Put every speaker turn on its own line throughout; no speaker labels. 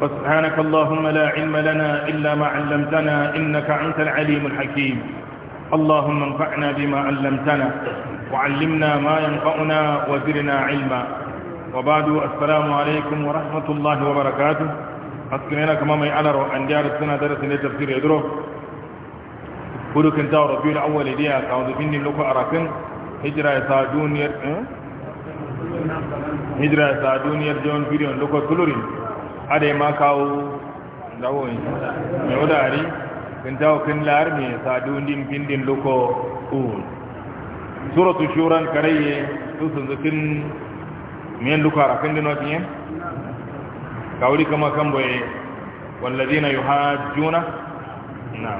وسبحانك اللهم لا علم لنا إلا ما علمتنا إنك أنت العليم الحكيم اللهم انفعنا بما علمتنا وعلمنا ما ينفعنا وزرنا علما وبعد السلام عليكم ورحمة الله وبركاته أسكننا كما ما يعلر أن جار السنة درس لتفسير يدرو بدو كنت ربي الأول دي أعوذ مني لك أراكن هجرة سادون يرجون اه؟ هجرة سادون ير جون فيديون سلورين ada ma kawo zawon yau da hari kun kan kun lar me sadu din pindin loko un suratu shuran karaye su sun zukin luka rakan dino yin? kawri kama kan boye والذين يحاجون Na.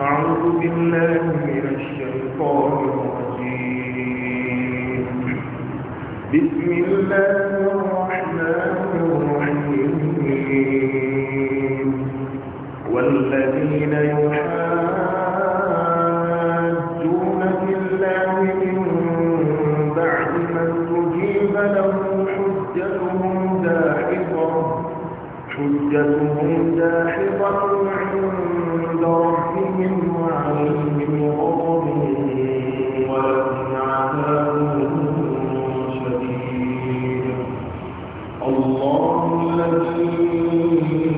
أعوذ بالله من الشيطان الرجيم بسم الله الرحمن والذين يحاجون في الله من بعد ما تجيب لهم حجتهم داحضة حجتهم داحضة عند ربهم وعليهم غضب ولهم عذاب شديد الله الذي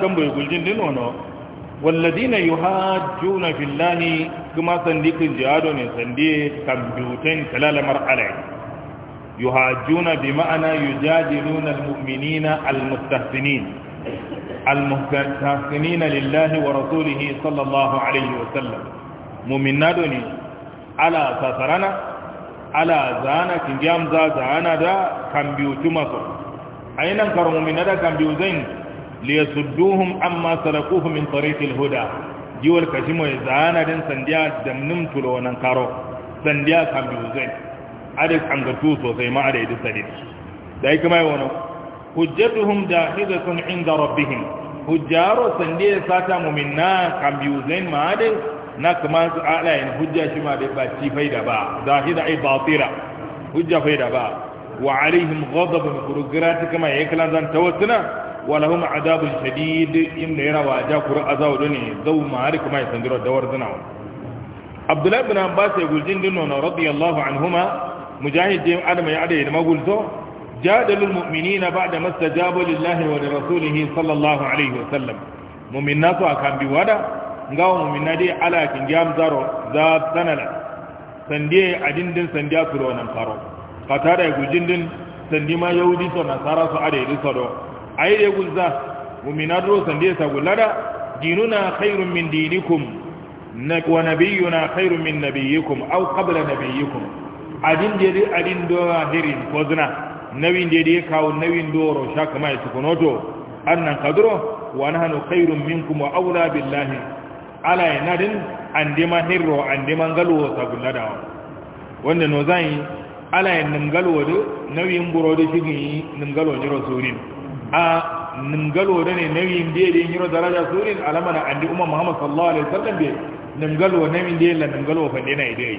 kan bai guljin din wano wallazi na yi hajju na kuma sandi kan jihado ne sandi kambutan kalalamar alai yi hajju na bi ma'ana yi al-mummini al-mustafini al-mustafini na wa sallallahu alaihi wasallam mummina ne ala sasarana ala zana kin zana da kambutu maso a yi nan da kambutu zai liyasudduhum amma salakuhu min tariqil huda jiwal kashimo zana den sandiya damnum tulo wannan karo sandiya kan bizai ade kan gatu sosai ma ade idin sadin dai kuma wani hujjatuhum jahidatun inda rabbihim hujjaro sandiya sata mu'minna kan bizai ma ade na kuma su ala yin hujja shi ma bai ba ci faida ba Dahida ai batira hujja faida ba wa alaihim ghadabun kurugrati kama yayin kalan zan tawassuna walahuma adabun shadid inda ya rawa ja kuru a zaudu ne zau ma'ari kuma ya sanjiro da dawar zinawa abdullahi bin abbas ya gulji din nuna radiyallahu anhuma mujahid din adama ya adaye da magulto jadalul mu'minina ba'da mastajabu lillahi wa li sallallahu alaihi wa sallam mu'minna to akan bi wada ngawo mu'minna dai ala kin jam zaro za sanala sandiye adindin sandiya turo nan faro fatara ya gulji din sandima yahudi to nasara su adaye su do ayi ya gulza mu'minan ro san dai sa gulada dinuna khairun min dinikum na wa nabiyuna khairun min nabiyikum aw qabla nabiyikum adin dai adin do ko kozna nawin dai dai kawo nawin doro su mai noto. annan kadro wa nahnu khairun minkum wa aula billahi ala yanadin ma hirro andima galwo sabulada wanda no zai ala yan ningalo do nawin buro do shigi ningalo jiro sunin. a nimgalore ne yin da yin hiro daraja alama na andi umma muhammad sallallahu alaihi wasallam be nimgalo nawin da la nimgalo fa dena idai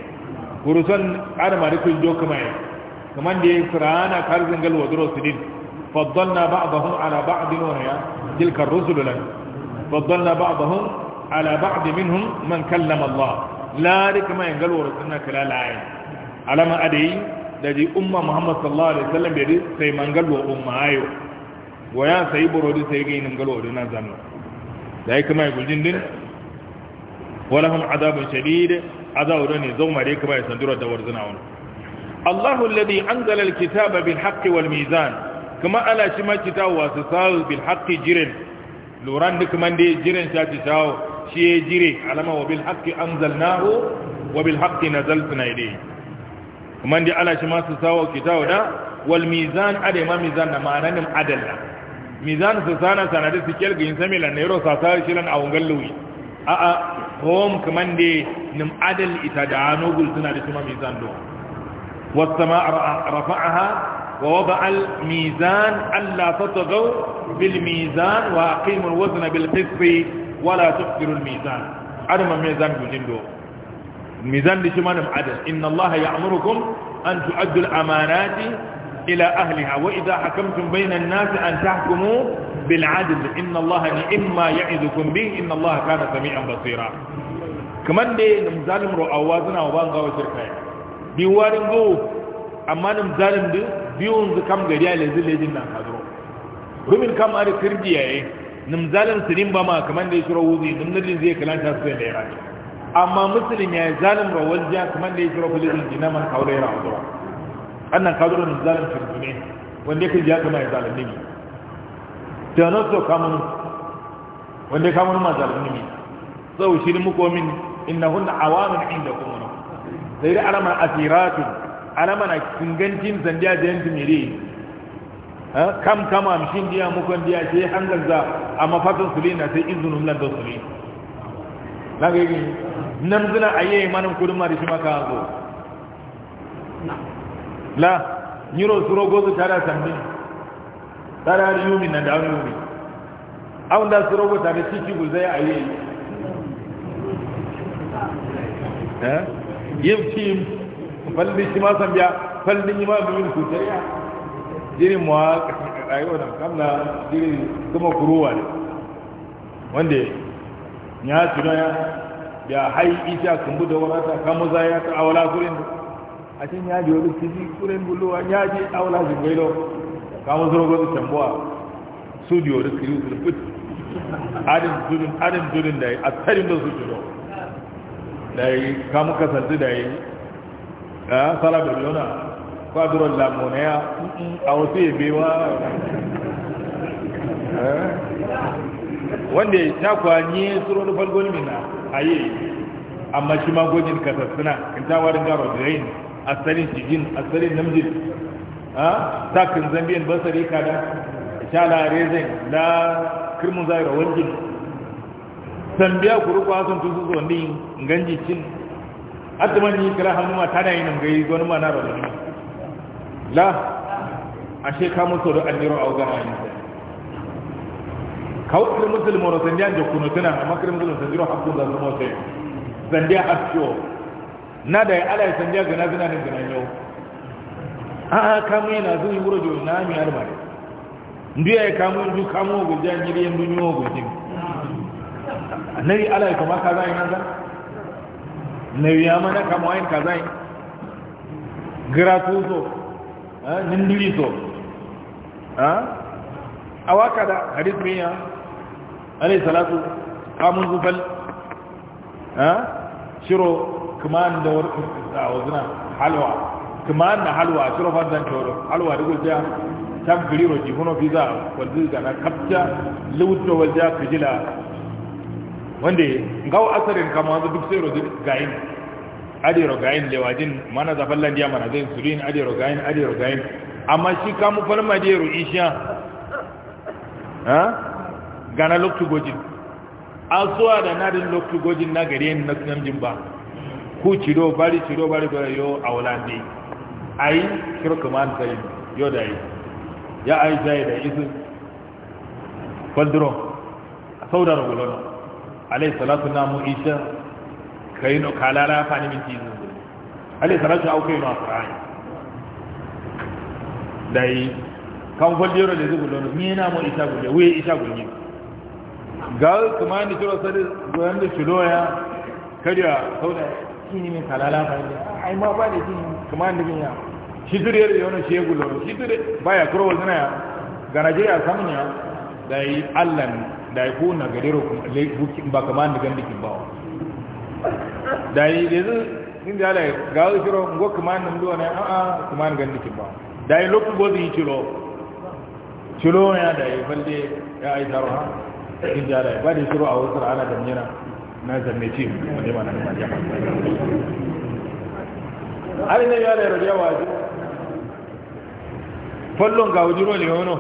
kurusan adama da kun jo kuma yi kaman da yin qur'ana kar zingal wadro sudin faddalna ba'dahum ala ba'd wa ya tilka ar-rusul lan faddalna ba'dahum ala ba'd minhum man kallama allah la rikma wa warusunna kala la'ay alama adai da ji umma muhammad sallallahu alaihi wasallam be sai mangal wa umma ayo waya sai burodi sai ga inin galo odun nan zanno dai kuma mai guljin din wala hum adabun shadid azaw don ne zauma dai kuma mai sandura da warzuna wannan Allahu alladhi anzala alkitaba bil haqqi kuma ala shi ma kitabu wasu sa'u bil jirin luran duk man dai jirin ta kitabu shi ya jire alama wa bil haqqi anzalnahu wa bil haqqi nazalna ilayhi kuma dai ala shi ma su sawo kitabu da walmizan mizan ma mizan na ma'anan adalla mizan su sana sanadi su kelga yin sami lan nairo sa sa shilan a wangan luwi a a hom kaman de nim adal ita da anogul suna da tuma mizan do wasama rafa'aha wa wada al mizan alla tatagaw bil mizan wa aqimu al wazna bil qist wala tuqiru al mizan adama mizan gujin do mizan di tuma nim adal inna allaha ya'murukum an tu'addu al amanati ila ahliha wa idza hakamtum bayna an-nas an tahkumu bil 'adl inna Allaha ni'ma ya'idukum bi inna Allaha kana sami'an basira kaman dai nam zalim ru'awa zuna wa ban gawa shirka bi warin go amma nam zalim du biyun zu kam gari ya lezi lejin nan kadro rumin kam ari kirjiya yayi, nam zalim sirin ba ma kaman dai shiro wuzi nam nadin zai kalanta su da yara amma musulun ya zalim rawal ja kaman dai shiro kullu dinna man kaure ra'a annan ka zo da zalim tuntune wanda yake ya kama ya zalim ne ta nan so kamun wanda kamun ma zalim ne sau shi ne muku min innahunna awamin na. sai da alamar asiratun alamar na kingancin sandiya da yanzu mere kam kama mishin diya mukon diya ce hangar za a mafatan su na sai izinin lantar su ne na gaggi nan zina a yi manin kudin ma da shi maka zo la nyiro suro gozu tara sambi tara yumi na da yumi aw da suro go tare cici ayi ha yim ci yimci bi shi ma sambiya ni ma bin ku tariya irin mu rayuwa da na irin kuma kuruwa ne wanda ya tuna ya hai isa kumbu da wata kamuza ya ta awala gurin da ati ñaaji oɗo sigi ɓuren ngullu a ñaaji awlaji ngoy ɗo kamo sorogoɓe camboa suudi oɗo siri usuno foti aɗen joɗin aɗen joɗin day a tari ndo suudi ɗo day kamo kasante day a salaɓe ɓeyona ko adoro lamoneya awosi e bewa wanda ya kwa ni tsoro da falgon mina a yi amma shi magogin kasar suna in tawarin garo da rain Asalin jijin asalin namjin a takin zambiyan basari kada shala rezin da kirmin ga wajen tambiya kuru kwa sun tusu zuwa ne ganji cin ataman yi kira hannu ma tana yi gai wani ma na rabu la a sheka musu da anniro a wajen ayin sa kawai kirmin musulmi wani da kunutuna amma kirmin musulmi sandiyan hakkun zasu mawasai sandiyan askiyo na da ala ya sanya gina zina ne gina yau a kamo yana zuwa yi wuro jo na amin almari ndu ya kamo ndu kamo gurja nyiri yan dunyo na yi ala ya kuma kaza yana za yi ya mana kamo ayin kaza yi su so nindiri so a waka da hadis miya alai salatu kamun zufal shiro ಕಮಾಂಡ್ ಅವರು ಅವನ ಹಲ್ವಾ ಕಮಾಂಡ್ ಹಲ್ವಾ ಸುರಫರ್ದಂತ da ಹಲ್ವಾ ರುಜಾ تبغري وجهونه في ذا والذي أنا كبتا لوت والجا كجلا wande gaw asarin kama da duk sai rodin gayin ade rogayin lewadin mana da fallan mana zai surin ade rogayin amma shi ka mu falma dia gana loktu gojin asuwa da nadin loktu gojin na gare ni na sanjin ba ku ciro bari ciro bari go yo awlandi ai kiro kaman kai yo dai ya ai dai da isu a saudar gulon alai salatu na mu isa kai no kalala fani min tizu alai salatu au kai no qur'ani dai kan faldro da zubu lon ni na mu isa gulle we isa gulle ga kuma ni ciro sai go yanda ciro ya kariya saudar kini min kalala ba ne ai ma ba da kini kuma an dubin ya shi dure da yana shi gulo shi dure baya kuro wannan ya garaje ya samu ya yi Allah dai ku na gadero ku bukin ba kuma an dubin dikin ba da yanzu din da Allah ga kiro ngo kuma an aa ne a a kuma an gan dikin ba dai lokacin gozi ciro ciro ya yi balle ya aita roha din da Allah ba da ciro a wasu ana da nira na zannace wanda ba na da mariya abin da ya da yawa ji fallon ga wajiro ne wano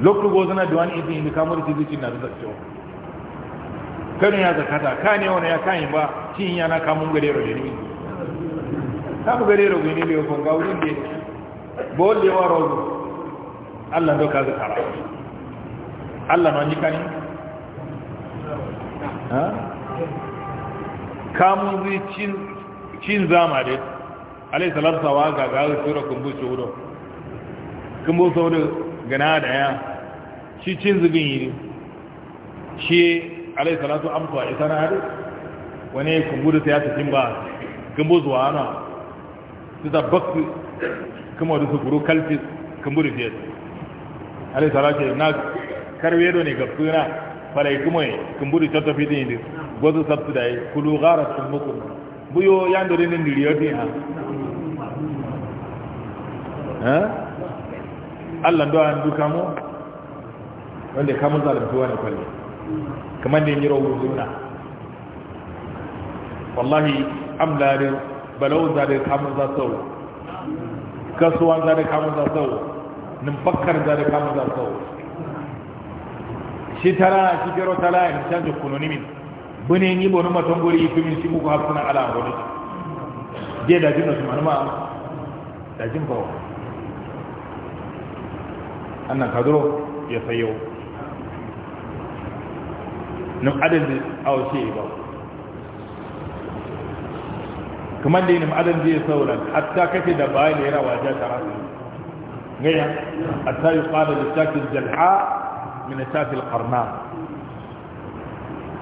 lokacin gozu na duwani izini da kamar tizici na zuwa cewa kanu ya zakata ka ne wani ya kayan ba cin yana kamun gare rage ne kamun gare rage ne da yawon ga wurin da ya wanda yawa allah doka zakara allah na wani kanin kamun zai cin zama dai alai salarsawa ga gari tura kumbu shi wudo kumbu sau da gana da ya shi cin zubin yi shi alai salatu amsuwa isa na hadu wani kumbu da ta yata cin ba kumbu zuwa ana su ta bakku kuma da su kuru kalfi kumbu da fiye alai salatu na karwe ne ga tsira falay kumoy kumburi toto fi dini gozu sabtu yi kulu gara Bu yo yando rene ndiriyo ti ha ha Allah ndo an kamo wanda kamun zalimtu wani kwalle kamar ne yiro wuzuna wallahi amlari balau zare kamun za sau kasuwan zare kamun za sau numfakkar zare kamun za sau sitara sikero tala en sanjo kunoni min bone ni bono ma tongori ko min simu ko hakuna ala ngoni je da jinno to manuma da jin ko annan kadro ya sayo nam adad aw shi ba kuma dai nam adad zai sauran hatta kace da bayan yana waje tara gaya hatta yuqala litakil jalha min tafil qarna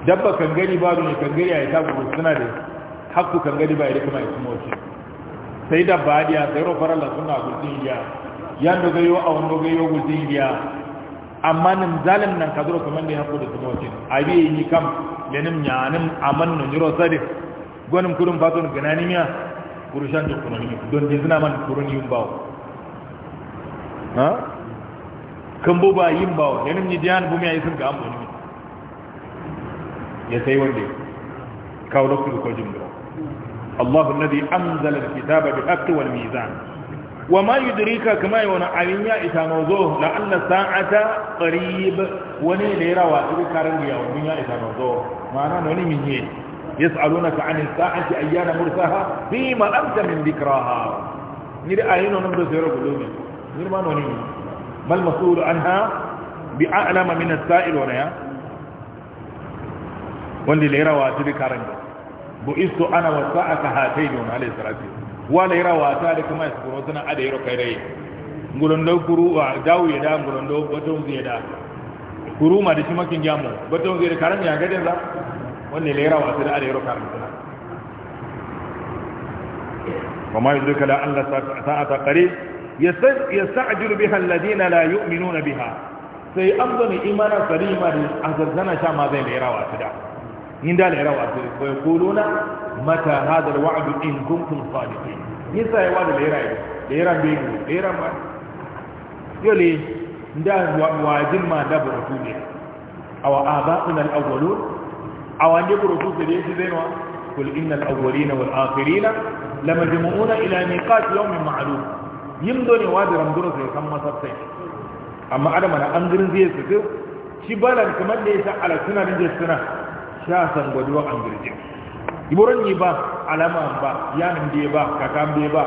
dabba kan gani ba ne kan gani ai tabu suna da hakku kan gani ba idan kuma ya kuma wace sai dabba dia sai ro faralla suna gudin ya ya doga yo awon doga yo gudin ya amma nan zalim nan kadro kuma da hakku da kuma wace abi yi kam lenim nyanim aman no jiro sadi gonum kurum faton gananimiya kurushan do kunoni don dizna man kuruni yumbaw ha kan bo ba yin bawa ya nan ni diyan bu mai sun ga an bani ya sai wande kawo da kudu kwajin da Allah na bi an zala da kitaba bi wa ma yi dirika kama yi wani abin ya ita na zo na Allah sa'ata ƙarib wani ne ya rawa ɗin karin da yawon dunya ita na zo ma'ana na wani mihe ya tsaro na ka anin sa'ati ayyana murtaha bi ma'amta min dikira ni da ayyana wani da zai rabu lomi ni ma na wani mal masulu anha bi a'lama min as-sa'il wa ya wanda le rawa ta bi karanga bu istu ana wa sa'aka hatayn wa alayhi salatu wa le rawa ta da kuma su ko sana ada yaro kai dai ngulondo kuru wa dawo ya da ngulondo wato zai da kuru ma da shi makin jamu wato zai da karanga ya gaden za wanda le rawa ta da ada yaro karanga وما يدرك لعل ساعة قريب yasta'jilu biha alladina la yu'minuna biha sai an zo ne imana sarima da azazzana sha ma zai lera wa da yin da lera wa su bai kuluna mata hadar wa'adu in kuntum sadiqin yin sai wa da lera yi lera bai ne lera ma yole da wajin ma da burtu ne awa aba'una al-awwalun awa ne burtu da yake zai wa kul innal awwalina wal akhirina lamajmu'una ila miqat yawmin ma'lum Yin doni wajiran diram duro sai kan amma adama na an girin zai su shi balan kamar da ya sa ala suna da suna sha san gwaduwa an girje iboran yi ba alama ba yanin da ba kakam da ba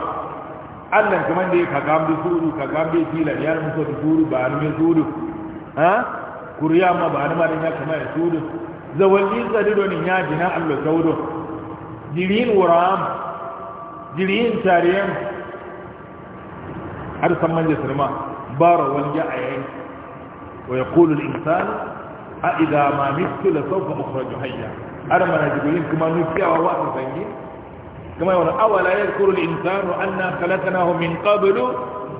allan kamar da ya kakam da suru kakam da fila ya nan so da suru ba an mai suru ha kuriya ma ba an ma da ya kamar ya suru zawalli sadido ne ya jina allah saudo jirin wuram jirin tariyan har san manje ba rawan ya a yayi wa ya insan a ma mitu hayya mana kuma wa kuma awala anna min qablu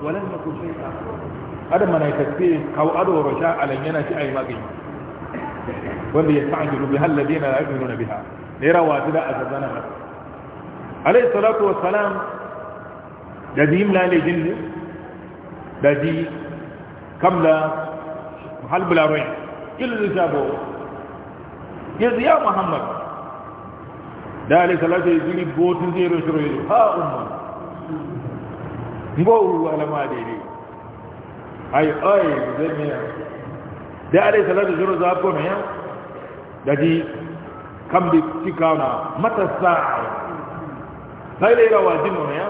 wa lam yakun shay'a mana tafi rasha alan yana shi magani wanda ya bi la yu'minuna biha ne da alayhi salatu wa salam da dimla jinni دادي كملا محل بلا روين كل رسابه يز يا محمد ذلك لا تجري بوت زيرو شرويل ها أمة نقول على ما ديري أي أي زميا ذلك لا تجري زابو ميا دادي كم بتكاونا متى الساعة هاي ليلة واجبنا يا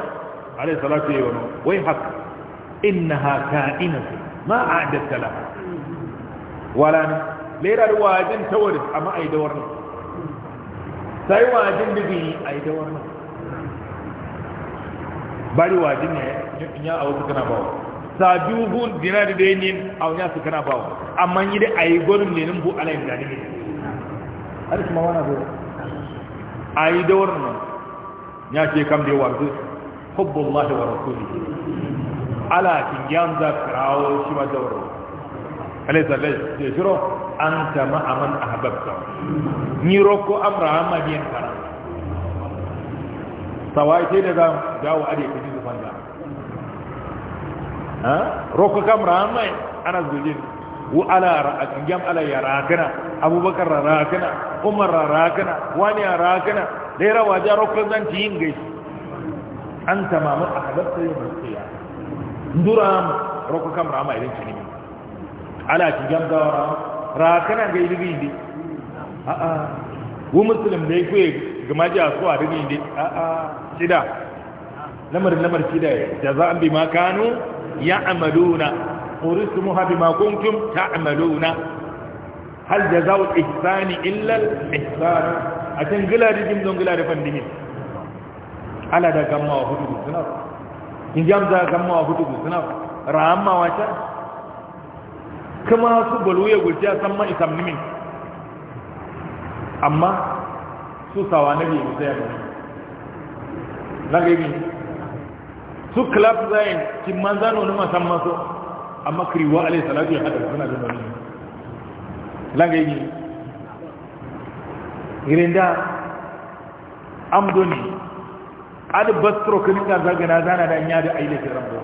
عليه الصلاة والسلام وين حق إنها كائنة ما أعدت لها ولا ليرى الواجن تورث أما أي دورنا سيواجن به أي دورنا bari wajin ya a wasu kana bawa sajuhun dinari da yin a wani su kana bawa amma yi da a yi ne lenin bu alayin da ne har kuma wana zo a yi dawar nan ya ce kam da yawa zuwa wa rasuli ala kin yanza ka kawo shi ma daura kale zalle je shiro an ta ma'aman a hababta ni roko amra ma bien kara sawai sai da za dawo ade da kaji fanda ha roko kamra hama ana zujin wa ala a yam ala ya rakana abubakar rakana umar rakana wani rakana da ya rawa ja roko zan ci yin gaishe an tamamin a yau yin gaskiya nduram roko kam rama irin cini ala ki gamga ra kana ga ilimi indi a a wu muslim ne ku gama ji asu a dini indi a a sida lamar lamar sida bi ma kanu ya'maluna urismuha ma kuntum ta'maluna hal jaza'u ihsani illa al-ihsan a can gila jim don gila da fandimin ala da gamma wa hudu suna njamza gamma wa hutu suna rahamma wa ta kuma su balu ya gulci san ma isam nimin amma su sawa nabi musa ya gani na gani su club zayin kin manzano ne ma san maso amma kriwa Ali salatu ya hada suna da bani na gani irinda amdoni ad bastro kin ka zaga na zana da nya da aile ki rabbo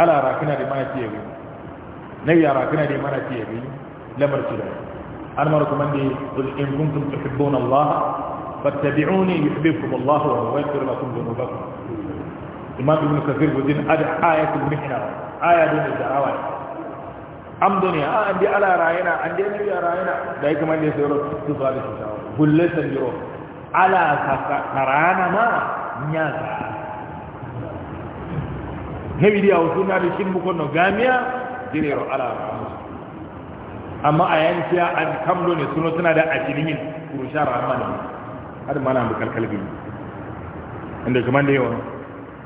ala rakina da mana tiye bi nabi ya rakina da mana tiye bi lamar ki da an mar kuma ne qul in kuntum tuhibbuna allah fattabi'uni yuhibbukum allah wa yaghfir lakum dhunubakum imam ibn kathir wajin ad ayatul mihna aya da da'awa am duniya a andi ala rayina andi nabi ya rayina da yake man ne sai ro su zalishi tawo bulle san jiro ala karana ma nyaga heɓiɗi a wotunaɗe simbu kono gamiya direro ala amma a yankiya an kamlo ne suno tunade acilimin pour char ammanami haɗa manamde kalkalbi ande ko mande on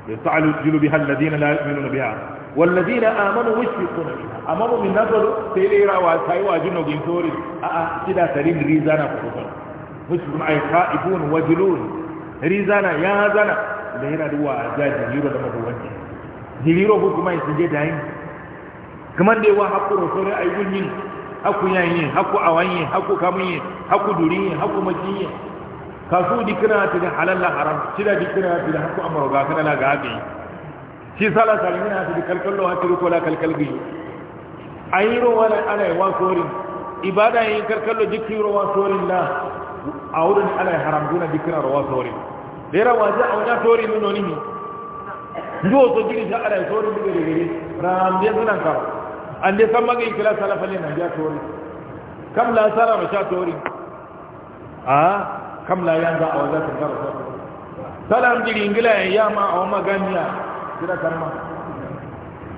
يفعل الجل بها الذين لا يؤمنون biha والذين آمنوا مشفقون بها من نظر سيليرا وسايوا جنو جنتوري أأه سيدا rizana ريزانا فقطر muslim ay ka'ibun wajilun rizana ya zana da yana duwa a jaji yiro da mabawanci jiliro ko kuma yin je da kamar da yawa haku rosorin ayyun yin haku yayin haku awanyin haku kamun haku durin haku majiyin kasu dikira ta da halalla haram shida dikira ta da haku amara ga kana la ga abi shi sala salimina ta da kalkallo ha tiro kola kalkalgi ayiro wala ana wa sorin ibada yin kalkallo dikiro wa sorin la A awudan ala haramduna dikra rawa sori dera waje a awna sori no noni ndo to jiri sa ala sori bi gere gari ram de suna ka ande samma ga ikla sala fale na ja sori kam la sara ma sha sori a kam la yanzu a yanga awza ta gar salam jiri ingila ya ma a aw maganya kira karma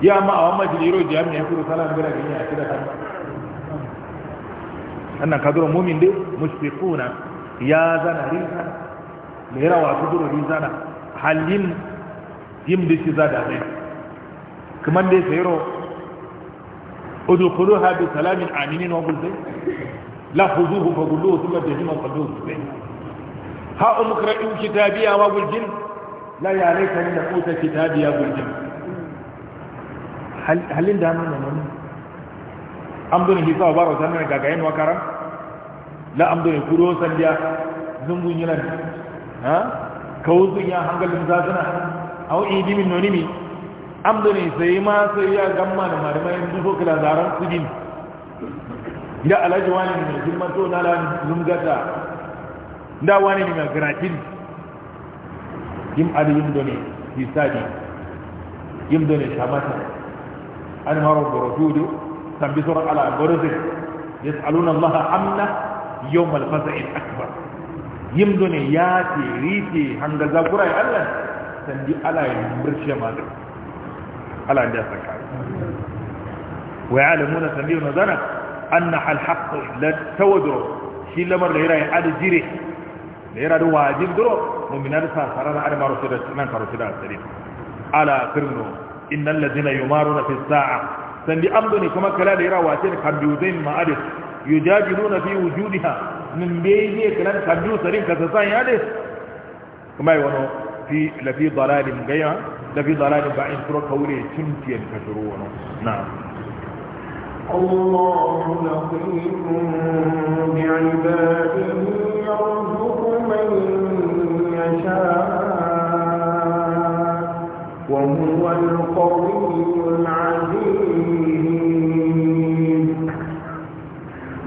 ya ma a aw majliro jami'a kuru salam gara ganya kira karma annan kadurar mumin dai mushfiquna ya zana rinka mai rawa kudura rizana halin yin da shi za da zai kamar dai sayro udkhuluha bi salamin aminin wa bulzai la khuzuhu fa qulluhu thumma jahima qadduhu ha umqra'u kitabiya wa buljin la ya laita ni da kuta kitabiya buljin halin da mun nan an bin hisa baro sanan gagayen wakaran la amdo e kuro sandiya zungun yana ha kawuzun ya hangalin zazuna au idi min nonimi amdo ne sai ma sai ya gamma da marimai dufo kala zaran kudin da alhaji wani ne mai girman to na lan zungata nda wani ne ma gratin yim ali yim done bisadi yim done shamata an maro borodudu tambi sura ala borodudu yas'aluna allaha amna يوم الفزع الأكبر يمدني ياتي ريتي هنجا زاكورا يا الله سندي ألا يمرش مادر على عندي أسكار ويعلمون سندي ونزانا أن الحق لا تودر شي لما غيرا يعاد جيري غيرا دو واجب درو ومن أرسا سارة أنا ما رسولة من كرسولة السليم على كرنو إن الذين يمارون في الساعة سندي أمدني كما كلا ليرا واتين كان بيوزين ما أدس يجادلون في وجودها من بين كلام كدو سرين كتسان يعني كما يقولون في لفي ضلال غير لفي ضلال بعين سورة قولي تنتي الكشرون نعم
الله لطيف بعباده يرزق من يشاء وهو القوي العزيز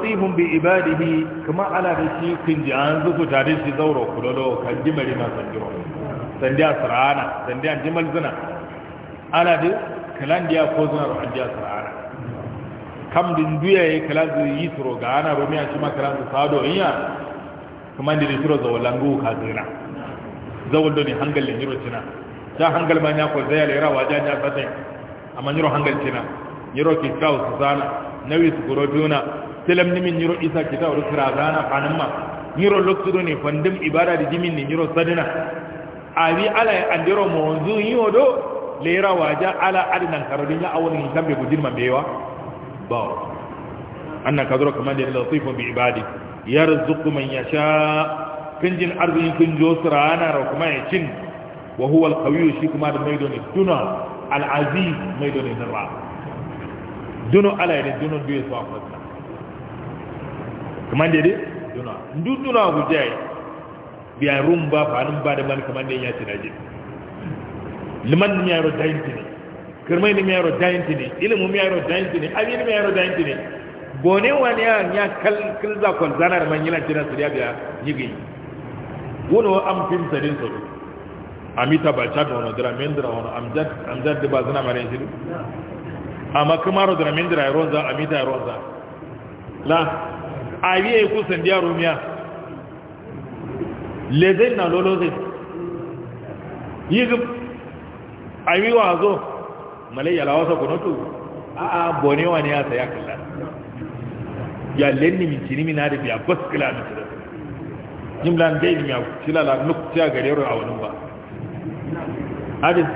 latifun bi ibadihi kuma ala da shi kin ji an zuku tare shi zauro kulolo kan jimari ma san jiro san dia sarana san dia jimal zina ala da kalan dia ko zina ro dia sarana kam din duya yi kalan zu yi turo ga ana ba miya shi ma kalan sado inya kuma ndi turo zo langu ka zina zawol do ni hangal le nyiro cina. ta hangal ma nya ko zayale rawa ja nya fatai amma nyiro hangal cina. nyiro ki kaus sana nawi su goro duna ni min niro isa kita oru kirazana panamma niro loktudo ni fandim, ibada di jimin ni niro sadina abi ala andero andiro monzu yodo lera waja ala adinan karodinya awon ni tambe gudin mabewa ba anna kadro kaman da latifun bi ibadi yarzuqu man yasha kinjin arzikin kin jo sirana ra kuma ya cin wa huwa alqawiyyu shi kuma da maido doni tuna al-aziz maido ne nara duno ala ne duno biye su akwai kamande de duna nduduna ku jai biya rumba fa nan ba da man kamande ya ci daje liman ro yaro dainti ne kirmai mi yaro dainti ne ilimu mi yaro dainti ne abin mi yaro dainti ne bone wani ya ya kal za kon zanar man yana jira su biya yigi wono am fim sadin so amita ba cha dono dra mendra wono am amjad de bazna mare jiru amma kamaro dra mendra ronza amita ronza la Abi yi e kusan sandia rumiya. lezen na Yi loloze yigum awie zo. malayya lawasa kunotu a a bone wani ya saya kalla ya lenni min cini min hada biya baskila na Jim lan dai ni ya kila la nuk ta gare ro a wani ba adin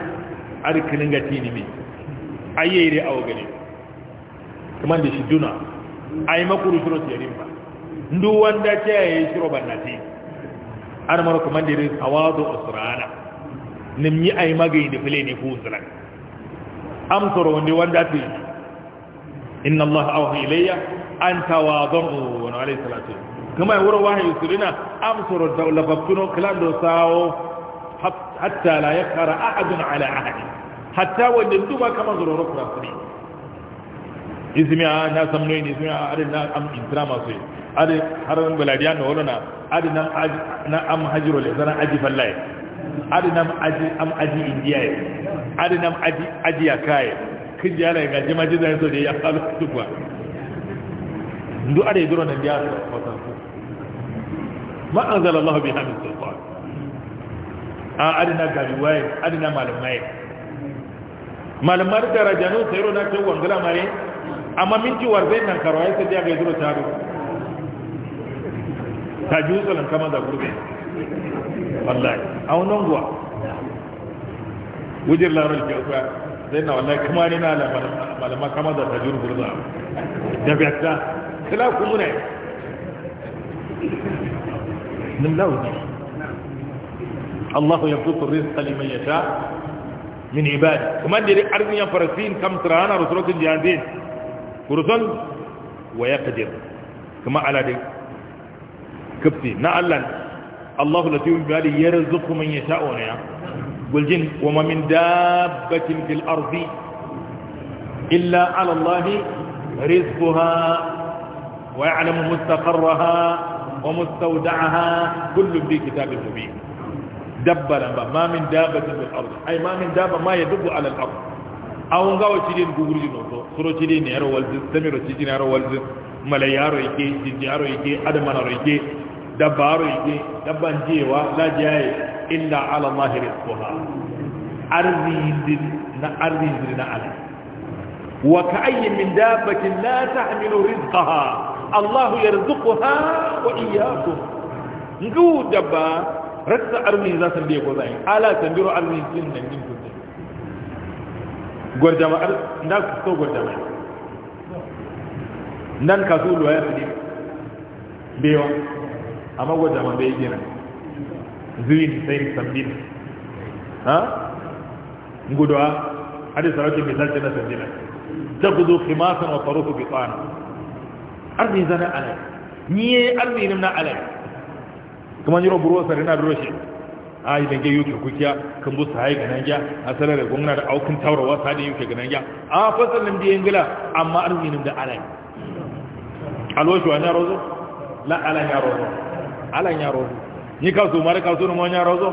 arkinin ga tini mai ayyere awo wagane kuma da shi duna Ayi makuru shiro tiyarin ba ndu wanda ce shiro bannati ar mar ko mandiri awadu usrana nim yi ay magai ni fule ni fuzra am toro ndi wanda ti inna allah awha ilayya an tawadu wa alayhi salatu kama wuro wahayi sirina am toro dawla babtuno klando sawo hatta la yakhara ahadun ala ahadin hatta wanda duma kama zoro zuroro kurafuri a na samno izmi a adin na am intrama sai adin nan baladiya na wani na adin na am hajiro le zana aji fallaye adin am aji am aji indiya ye adin am aji aji akaye kin jara ga jima jiza so da ya falu tukwa ndu ya duro nan biya ko ta ko ma anzala allah biha min sultan a adin na waye adin na malamai malamar darajanu sayro na tawangala mare amma minti warbe nan karo ai sai ga duro taro ta ju salan kama da gurbe wallahi a wannan guwa wujir larar ke ufa sai na wallahi kuma ni na malama kama da ta juru gurza da gatta kala kuma ne من لون الله يبسط الرزق لمن يشاء من عباده ومن يريد أرض يفرسين كم ترانا رسولة الجهازين kurzon wa ya kadir kuma aladin kafti na allan Allahu latifun bi ya yarzuqu ya yasha'u wa ya guljin kuma ma min dabbatin fil ardi illa ala Allah rizquha wa ya'lamu mustaqarraha ومستودعها كل في كتاب مبين ma min من دابة arzi ai ma min من ma ya dubu alal الأرض awon gawo cidin gugurji no to soro cidin yaro walzi samiro cidin yaro walzi mala yaro yake jinji yaro yake adamana yaro yake dabba yaro yake dabban jewa la jaye illa ala allahi rizquha arzindin na arzindin na ala wa ka ayyin min dabbatin la tahmilu rizqaha allah yarzuquha wa iyyakum ngu dabba rasa armi za san biye ko zai ala tambiro armi din nan din ko gwarjama na su so gwarjama nan ka su luwa ya fi ne bewa amma gwarjama bai gina zuwin sai sabbin ha guduwa hadis sarauke misal ce na sabbina ta gudu kimasan wa faruku bi tsana arzi zana alai ni arzi na alai kuma yi roburuwa sarina duroshe a idan yi yuke kukiya kan busa hayi ga nan a sanar da gwamna da aukin taurawa sa da yuke ga nan ya a fasalin da yangila amma arzinin da alai alwashi wani ya rozo? la alan ya rozo. alan ya rozo. ni ka so mara ka so na wani rozo zo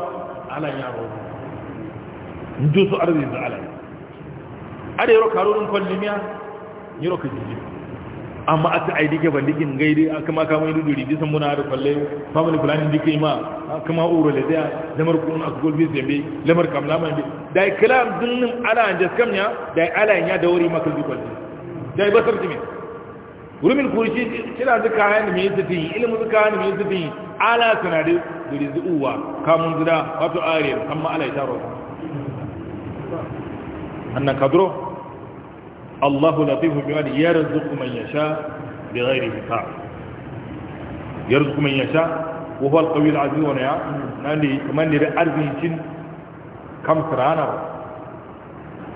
alan yaro rozo. in ji su arzinin da alai a da yaro karurin kwallimiya yaro ka jijiyar amma aka ai dike bandikin gairi kuma kama yi duduri disan muna da kwalle family planning dike ma kuma uro le da lamar kun aka gol bi zembe lamar kam lama bi dai kalam dunnin ala an jaskam ya dai ala ya da wuri makal bi kwalle dai basar timi rumin kurshi kira zuka hayan mi yiti ilmu zuka hayan mi yiti ala sanade duri zuwa kamun zira wato ariyar amma ala ya taro annan kadro Allahu latifu bi yarzuqu man yasha bighairi hisab yarzuqu man yasha wa huwa al-qawi al-aziz wa ya nani kaman ne da arzikin kam sarana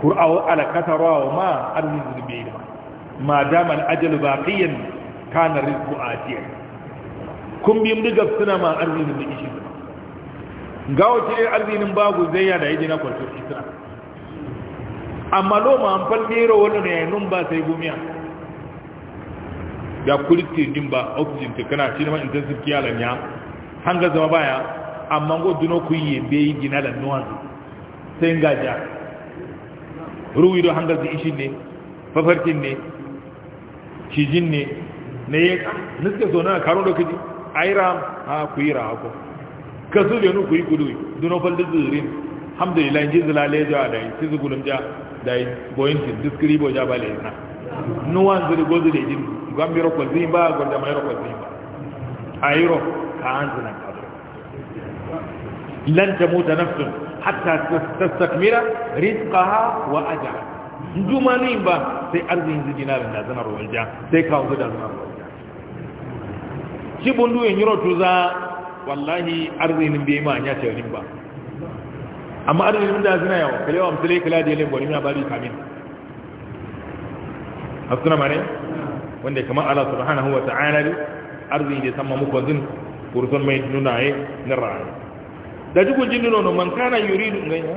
qur'aw ala katara wa ma arzikin bi ma dama al-ajal baqiyan kana rizqu atiyan kun bi mu suna ma arzikin da ishi gawo ce arzinin babu zai ya da yaji na kwarto amma lo ma amfan nero wani ne nun ba sai gumiya ya kulti din ba oxygen ta kana shi ma intensive care lan ya hanga zama baya amma go duno ku yi be yi gina da nuwan sai ngaja ruwi do hanga zai ishin ne fafarkin ne Cijin ne ne ya niske zo na karo da kiji aira ha ku yi rako Kasu su da ku yi kudu duno fal da zirin alhamdulillah jiz la leja da yi tizu gulum ja dai is going to discribo bale na no one zuri gozu da jin gambiro ko zimba gonda mayro ko zimba ayro ka ka do lan Muta nafsu hatta tastakmira rizqaha wa ajra jumani ba sai arzin arzikin zinarin da zanar walja sai go da zanar walja shi bundu yin ro tuza wallahi arzin bi ma nya ce rimba amma adadin mun da suna yawa wa musulai kala da yalin ya na bari kamin a suna mare wanda kamar Allah subhanahu wa ta'ala ne arziki da sama muku wanzin kurson mai nunaye na ra'ayi da jikun jin wani man kana yuridu nganya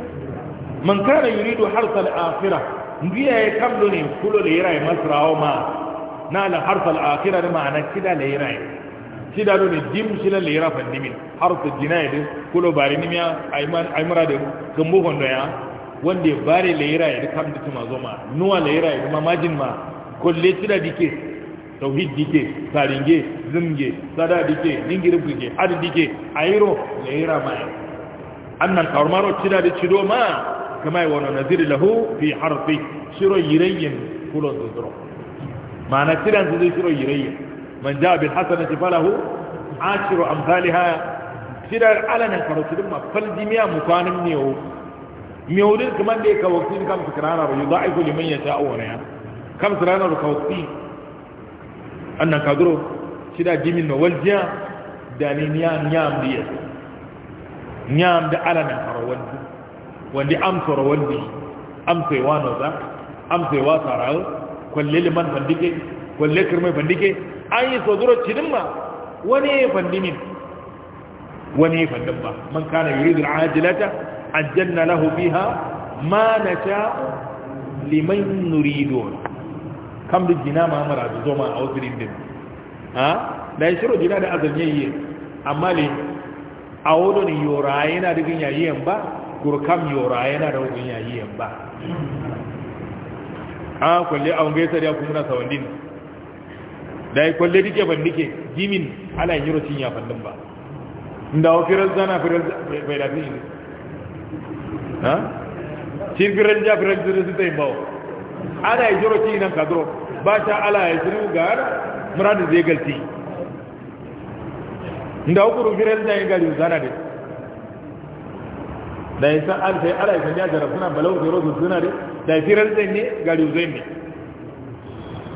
man kana yuridu harsal akhirah biya ya kamdo ne kulo da masu rawa ma na la harsal da ma'ana kida ya yirayi sida do ne dim sila le har nimin harfu jinaid kulo bari miya ayman aymara de gambo gondo ya wande bare le yira ya kam ditu ma zoma nuwa le ya ma majin ma kolle sida dike tauhid dike saringe zimge sada dike ningire dike ad dike ayro le yira ma annan karmaro sida de cido ma kama wono nadir lahu fi harfi shiro yirayin kulo dudro ma'ana sidan su shiro yirayin man ja bil hasanati falahu ashiru amsalha sidar alanan karotidin ma faljimiya mutanin miyo miyo din kuma da ka wakti kam fikrana ba yudaifu liman yasha awara ya kam sirana ka wakti annan kaduro sida jimin no waljiya da ni nyam nyam diye nyam da alanan karawandi wandi amsoro wandi amsewa no za amsewa sarau kwalle liman bandike walle kirmai bandike an yi sozuro cinin ma wani ya fandi min wani ya fandin ba man kana yuridu janna ajjalna lahu biha ma nasha liman nuridu kam da jina ma mara da zo ma a wasu rindin ha da ya shiro jina da azan yi amma le a wodon yora yana da gin yayiyan ba gurkam yora yana da gin yayiyan ba a kwalle a gaisa da kuma na sawandin da ya kwalle dike ban dike jimin ala yin yaro cinya fannin ba inda wa firar zana firar bai da fi ne ha cin firar ja firar zira su tsayin bawa ana yi yaro cinya nan kadro ba sha ala ya zuru ga muradu zai galti inda wa kuru firar zana ya gari zana dai da ya san an sai ala ya sanya jarab suna balau zai rozu suna da da firar zai ne gari zai ne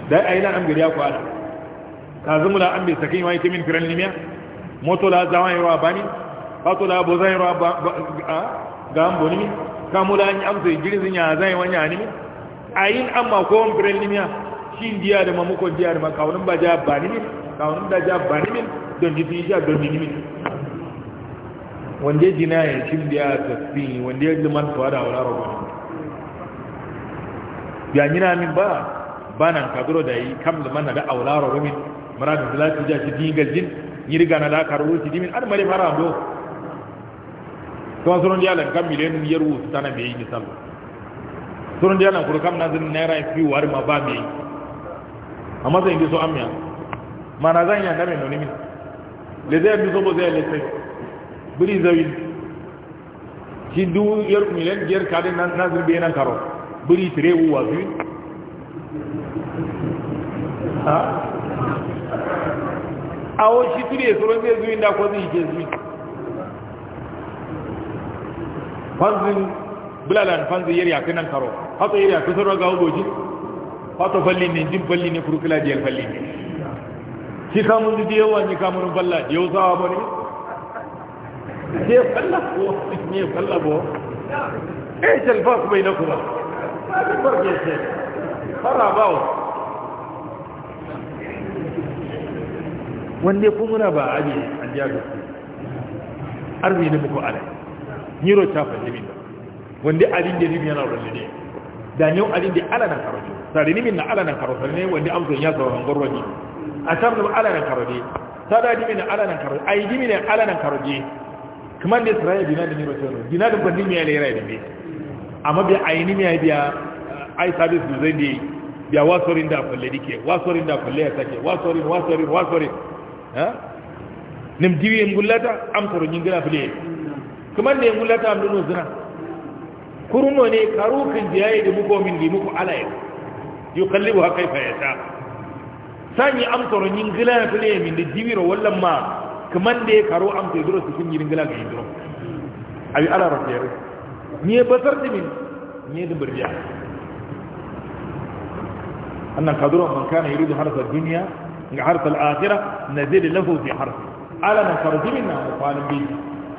da ya ainihin na an gari ya kwana da an bai sakin wani timin firan limiya la zama yi wa bani la bo zai wa ga an bonimi kamula an yi amsa girizin ya zai wani animi a yin an ma kowon firan limiya shi diya da mamakon diya da makaunin ba ja ba nimin da ja ba nimin don jisi ja don nimin wanda jina ya shi diya fi wanda ya liman tuwa da wala rabu ya nina min ba banan kaduro da yi kam liman da aula rabu min marada da lati ja ci dingal jin yirga na la karu ci dimin ar mari fara do to suron dia kan kam yar yeru tana be yi misal suron dia lan kur kam na zin naira fi war ma ba me amma zan yi so amiya mana zan yi da me no ni min le zai bi so bo zai le sai buri zawi ci du yer milen ger kadin nan nazir be nan karo buri tire uwa fi ha awo shi tire soro zai zuwi da ko zai ke zuwi fanzin bulalan fanzin yari kai nan karo hato yari kai sauran gawo goji hato falli ne jin falli ne kurkula biyar falli ne shi kamun da yawa ne kamun falla da yau zawa bane ne falla ko ne falla ko eh shalfa ku bai na kuma ba ba ke ce wanda ya kuma ba a ajiye an ja gaske arziki ne muku alai niro ta falle min wanda alin da ribi yana rulle ne da yau alin da alanan karoje sare ni na alanan karoje ne wanda amson ya zama han gorwaji a tar da alanan karoje sada di na alanan a yi di min alanan karoje kuma da isra'ila dina da niro tsoro dina da bandin ya lera da me amma bi ni miya biya ai service da zai biya wasorin da falle dike wasorin da falle ya sake wasorin wasorin wasorin nim diwiye ngullata am toro nyingla fule kuman de ngullata am duno zina kurno ne karu kan jiyaye de muko min di muko ala ya yuqallibu ha kayfa yasha sanyi am toro nyingla fule min di diwi ro wallan ma kuman de karu am te duro cikin nyingla ga yindro abi ala rabbiyar ne basar min? dimin ne da burjiya annan kadura man kana yuridu harfa dunya ga harfin akira na zai da lahu fi harfi alaman na kwanan biyu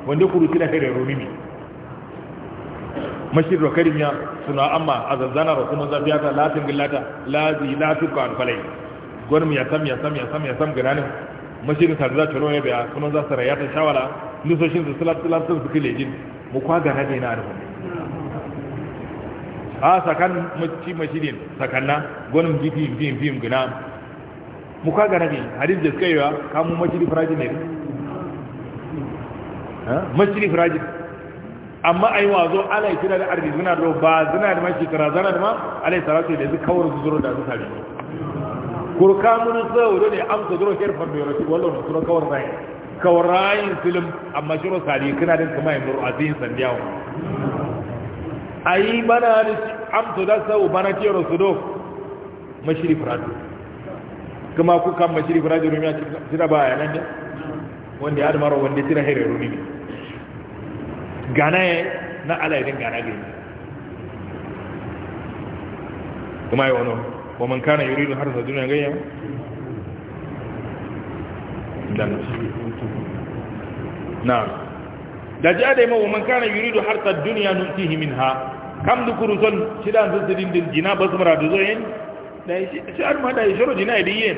wanda kuru tila kai da rumimi mashir da karim ya suna amma a zanzana da kuma zafiya ta latin gillata lazi latin ka alfalai gwanin ya sam ya sam ya sam ya sam gananin mashirin sa za ta roya biya kuma za su raya ta shawara nusoshin su silar sun su kile jin mu kwaga rage na arhun a sakan mashi mashirin sakanna gwanin gifin fim fim gina mukagarage hadis wa kamu majiri farajin ne majiri farajin amma ai wazo ala kira da arzi zina do ba zina da mashi kira zana da ma ala salatu da zai kawar zuro da zuwa ne kamun mun sauro ne amsa zuro her farbe yoro wallo wallahi sura kawar rai kawar rai film amma shiro sali kana din kuma yin nur azin sandiyawo ai bana amsa da sau bana kiro su do mashiri farajin. kuma ku kan mashiri fara da rumiya tira ba yanar da wanda ya admara wanda tira hare rumi ne gana ya na ala gana gari kuma yi wani wa man kana yuri har harsa duniya gayya na da ji adai wa man kana yuri har harsa duniya min ha? kam dukuru son shidan zuzdin din jina basmara da zoyin na yi shi har ma da yi di jina idi yin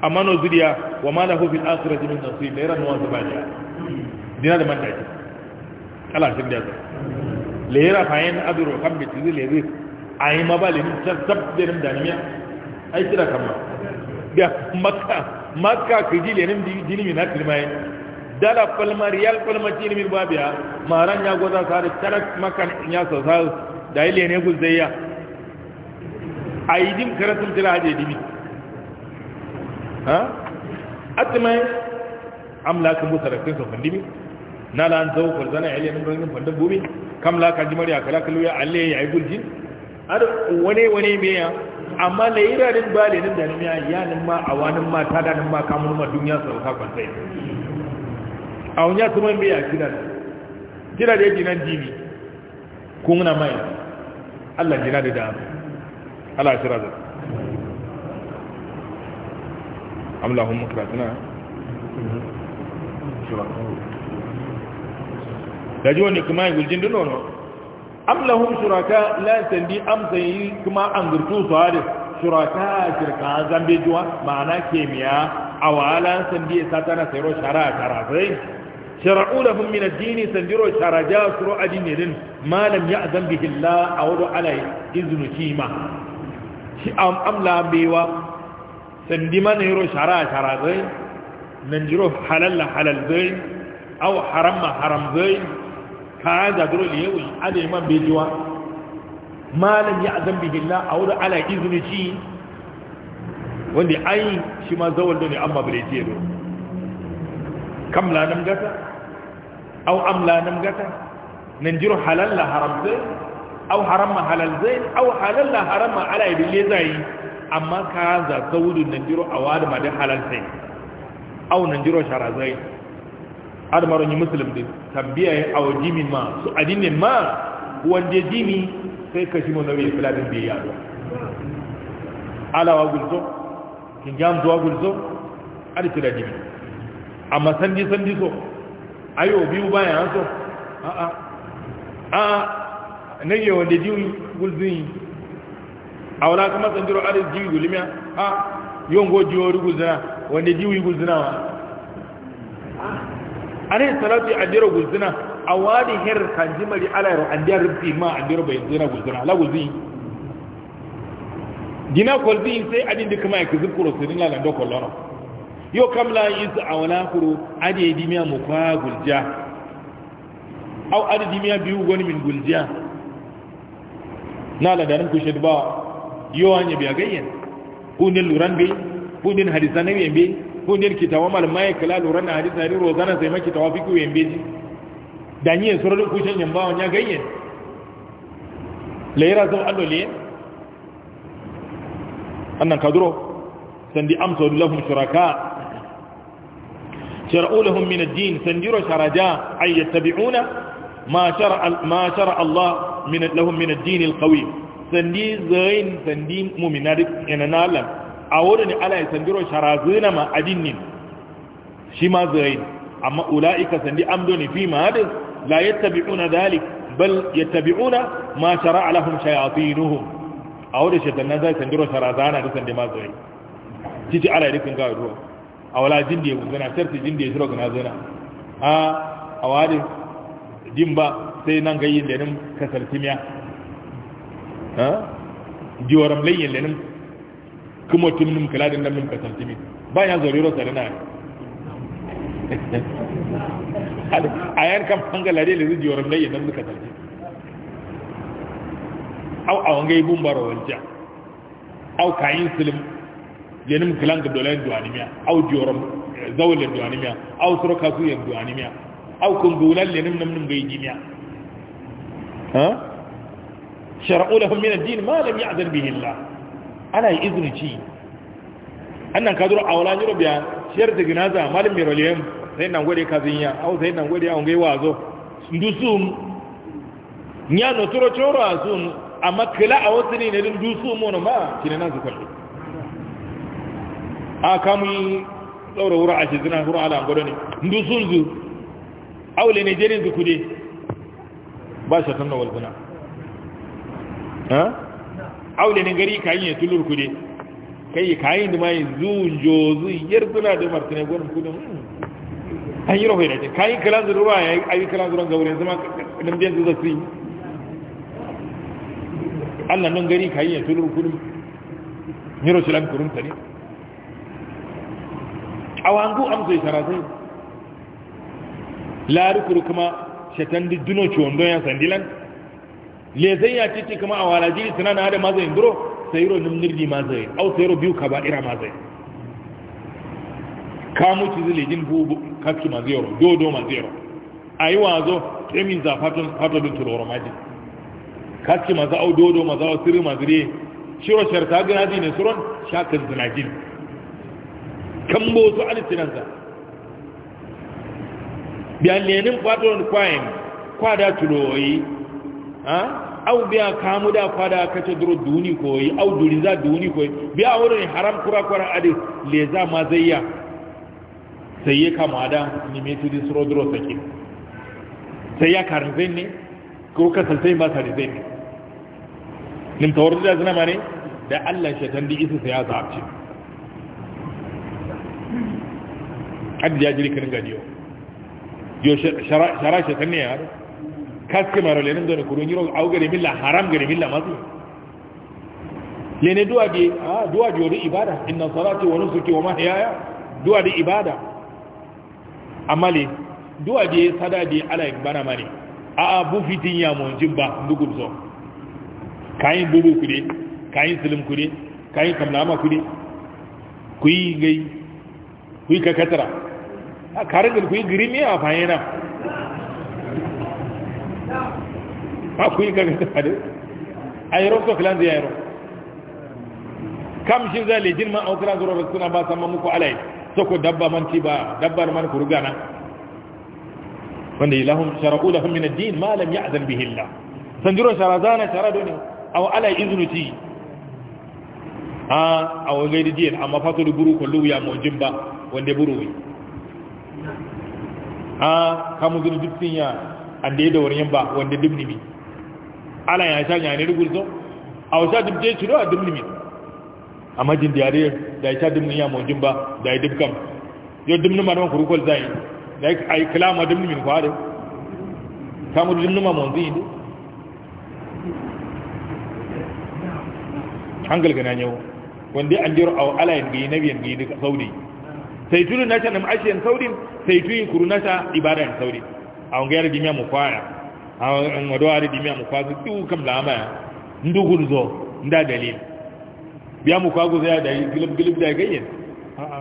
a zuriya wa ma na hufin asirar jimin nasu yi na yaran nuwansu ba ne jina da manta ake kala shi da zai lera fayin abiro kam bi tizi lere a yi ma ba lini sabbirin da nimiya ai kira kama da makka makka ka ji lenin jini na kilmayin dala falma riyal falma jini min babiya maran ya goza sare da tarak makan ya sosa da yi lene guzdayya A aydim karatum tira haje dimi ha atmay amlaka mutarakin sa fandimi na la an zaw ko zana ile nan ban fandan bumi kam la ka jimari akala kallu ya alle ya ay gulji ar wane wane me ya amma la din bale nan da ya yanin ma awanin ma ta da nan ma kamun ma duniya sauka kwantai a wunya kuma me ya kina kina da jinan dibi kun na mai Allah jina da dama Allah ya shirya da amlahun makaratuna da ji wani kuma yi guljin dino no amlahun shuraka lansan bi amsa yi kuma an zurtu su hada shuraka shirka zambe juwa ma'ana kemiya a wahalan sandi satana sayro shara shara karafai shara'u lahum min ad-din sanjiro sharaja suru adinin ma lam ya'zan bihi Allah aw ala iznu kima shi am amla bewa sandi mana yiro shara shara zai nan jiro halal halal zai aw haram ma haram zai ka da duro ne yawi ade man bejiwa malam ya azan bihi Allah aw da ala izni ci. wanda ai shi ma zawal ne amma bare je do kam la nam gata aw am la nam gata nan jiro halal la haram zai au haramma halal zai au halalla haramma ala le zai amma ka za wudu nan jiro awad ma da halal sai au nan jiro shara zai admaro ni muslim din tabbiya ya au jimin ma su adine ma wanda jimi sai ka shi mo nabi filadin bi ya ala wa gulzo kin jam zuwa gulzo ala tira jimi amma sanji sanji so ayo biyu bayan so a a a nege wonde diwi gulzini la kama sanjiro aris diwi gulimia ha yongo diori gulzina wonde diwi gulzina wa alayhi salatu adiro gulzina awadi her kanjimari alayro andiya rubti ma andiro bai zina gulzina la gulzini dina kolbi sai adin da kama yake zikuro sirin la lando kollono yo kamla is awla kuro ade dimiya mu kwa gulja aw ade dimiya biyu goni min gulja nala darin ku shidba yawan ya biya gayyan hunin luran bai hunin hadisa na yin bai hunin kitawa malama ya kala luran na hadisa ne rozana sai maki tawa fiku yin bai da ni yin surar kushin yin bawan ya gayyan laira zau allo liyan annan kaduro sandi amsa lahum shuraka شرعوا لهم din الدين سنجر شرجاء أن يتبعون ما شرع, Ma shara Allah. min lahum min ad-din sandi zain sandi mu'mina inana lan awoda ni ala sandiro shara sharazina ma adinnin shi ma zain amma ulaika sandi amdoni fi ma hadis la yattabi'una dhalik bal ya yattabi'una ma shara shara'a lahum shayatinuhum awoda shaytanan zai sandiro shara zana da sandi ma zain titi ala rikin ga ruwa awala jinde guzana sharti jinde shiro gana zana a awadi ba. sai nan yin lenin kasar timiya jiwaram layin lenin kuma tumnum kaladin nan min kasar timi ba ya zori rosa da na a yan kan fangalare lenin jiwaram layin nan min kasar timi au a wangai bumbaro wancan au kayin silim lenin kilan ga dole duwanimiya au jorom eh, zawle duwanimiya au suruka su ya au kungunan lenin nan min gai jimiya shar'u lahum min ad-din ma lam ya'zan bihi Allah ana yi An annan ka zura awalan yuro biya shiyar da ginaza malam mi roliyam sai nan gode ka zinya au sai nan gode an gai wazo ndusum nya no toro toro azun amma kila a wasu ne din dusu mu no ma kina nan zukal a kamun daura wura a shi zina wura ala an gode ne ndusun zu aule ne jerin zukude ba shi tanna walbuna ha aule ne gari kayin ya tulur kudi kai kayin da mai zun jo yar yarkuna da martine gwanin kudi an yi rahoi da ce kayin kalan zuru ba ya ayi kalan zuron ga wurin zama biyan zuwa su yi allah nan gari kayin ya tulur kudi ni rasulan kurunta ne a wangu amsai sarasai larukuru kuma shetan di ciwon chondo ya sandilan le zai ya cici kuma a wala walaji suna na mazayin mazai nduro sayiro nimnirdi mazai au sayiro biyu ka baɗira mazai ka mutu zile jin bubu kafki mazero dodo mazero a yi wazo emin za fatodin turoro maji kafki maza au dodo maza au siri mazire shiro sharta gina ne suron shakan zinajin kan bosu alisinansa biyanne nin kwaton kwayen kwada tuloyi au biya kamu da kwada kace duro duni koyi au duriza duni koyi biya wurin haram kura kura adi leza mazayya sai ya kama da me di suro duro sake sai ya karzai ne ko kasar sai ba sarizai ne nim tawar da zina mare da Allah shaitan di isa sai ya zaɓce Adi ya jiri kirin gadiyo. yo shara ta ne yaro kaske maro lenin da kurun yiro au gari milla haram gari milla masu lene duwa di a ah, duwa di wani ibada inna salati wa nusuki wa mahyaya duwa di ibada A le duwa di sada di ala ikbara mani a a bu fitin ya mun ba ndugum so kayin bubu kude kayin silim kude kayin kamlama kude kuyi gai kuyi kakatara karin ku yi girmi a fahina a ku yi gaga ta fadi a yi rosto filan da ya yi ro kam shi zai lejin ma aukira zuwa rasu na ba saman muku alai so ku dabba man ci ba dabbar man ku rugana wanda yi lahun shara'u lahun min addini ma lam ya'zan bihi Allah san jiro sharazana sharado ne aw ala ci. a aw gaidi din amma fa da buru kwallo luya mo jimba wanda buru wi a kamun zuru diptin ya ande da wurin ba wanda dibni bi ala ya sha nyane rigul zo a wasa dibje ciro a dibni a majin da yare da ya sha dibni ya mojin ba da ya dibkam yau dibni ma don kurukol zai da ai kalama dibni min kware kamun dibni ma mun zai ne hangal gana yau wanda an jiro a ala ya ga nabi ya ga saudi saitulu nasha nam ashiyan saudi saituyi kurunasha ibada ya saudi aonge ari dimia mukwaya awodo ari dimia mukwazu tu kam lama ndugu nzo nda dalil biya mukwagu zai da gilib gilib da gayyen a'a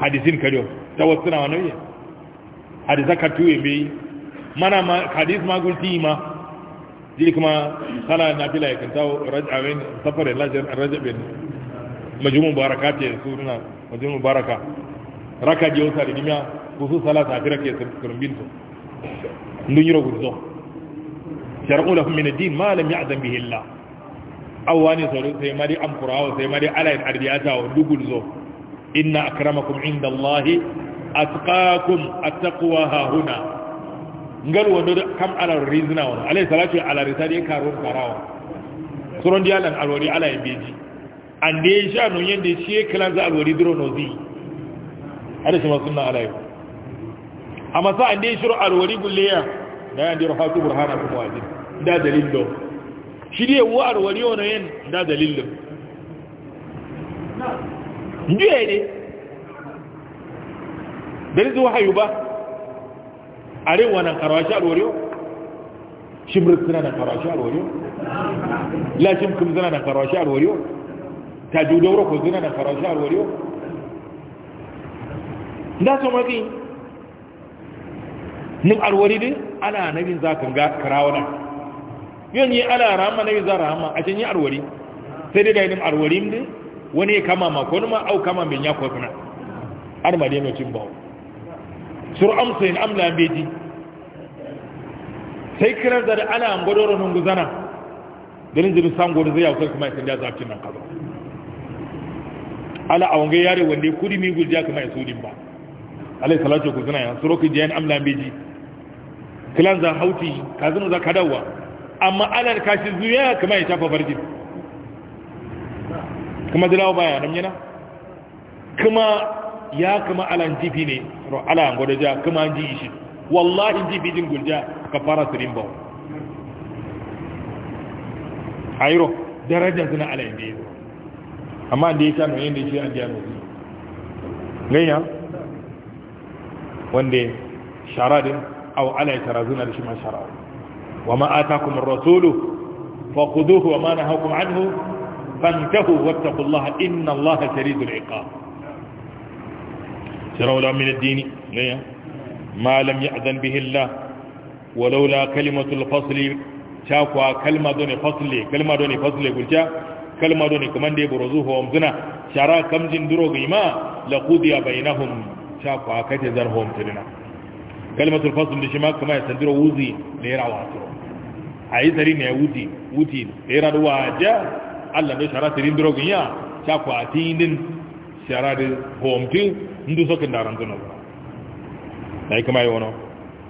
hadisin kariyo tawassuna wa nabiyin hadisa ka tuwe mai mana ma hadis ma gulti ma jiri kuma sala na fila ya kanta rajabin safarin lajin rajabin majumun barakati ya wajen mubaraka raka je wasa rigimya kusu salasa atira ke sirmbinto ndun yiro gudzo shar'u da min ad malam ya lam ya'zam bihi Allah awani so sai ma dai qur'awo sai ma dai alayin ardiyata wa dugulzo inna a akramakum inda Allah atqakum at-taqwa ha huna ngal wodo kam ala rizna wa alayhi salatu ala risali karo karawa suron dialan alwari ala beji ande sha no de shi kalan za a gori duro no zi ala shi masu nan alayi amma sa ande shi ro alwari gulleya da yande ro hatu burhana kuma wajin da dalil do shi dai wa alwari ono yen da dalil do ndiye ne dari zuwa hayu ba arewa nan karwashi alwari shibrit suna nan karawashi alwari la shimkum suna nan karawashi alwari dawra ko zina na faraja alwariyo da nda so magi nim alwari waride ala nabin zakan ga karawana yon yi ala rama nabi za rama a cin yi alwari sai dai dai nim alwari wari mde wani kama ma ko ma au kama bin ya ko kuna ar ma dai no cin bawo sur amsayin amla beji sai kiran da ala an godoro nun guzana dalin jirin sango zai yau sai kuma sai da zafin nan kaza ala wange yare wande kudi mi gurja kama ya sudin ba alai salatu ku suna yan surokin jiyan amla beji kilan za hauti kazinu za kadawa amma ala kashi zuya kama ya shafa farjin kuma dilawa baya nan yana kuma ya kama alan jifi ne ala an gwada ja kuma an ji ishi wallahi jifi din gulja ka fara sirin ba. a darajar suna ala da ya zo amma da ya kano yadda shi a jano ganya wanda shara din au ala ya tara da shi ma shara wa ma ata kuma rasulu fa kuduhu wa ma na hakum anhu fantahu kullaha inna allaha sharidul iqab shara wala min ad-din ganya ma lam ya'zan bihi allah ولولا كلمة الفصل شاكوا كلمة دون فصل كلمة دون فصل قلت kalma doni ne kaman de borozu ho amzuna shara kamjin duro ga ima la qudiya bainahum cha ko akate zar ho amtina kalmatul fasl da shima kuma ya sanduro wuzi da ya rawa to ayi zari ne wuti wuti da ya rawa ja Allah ne shara tirin duro ga ya cha ko tinin shara da ho amti ndu sokin da ran zuna dai kuma yi wono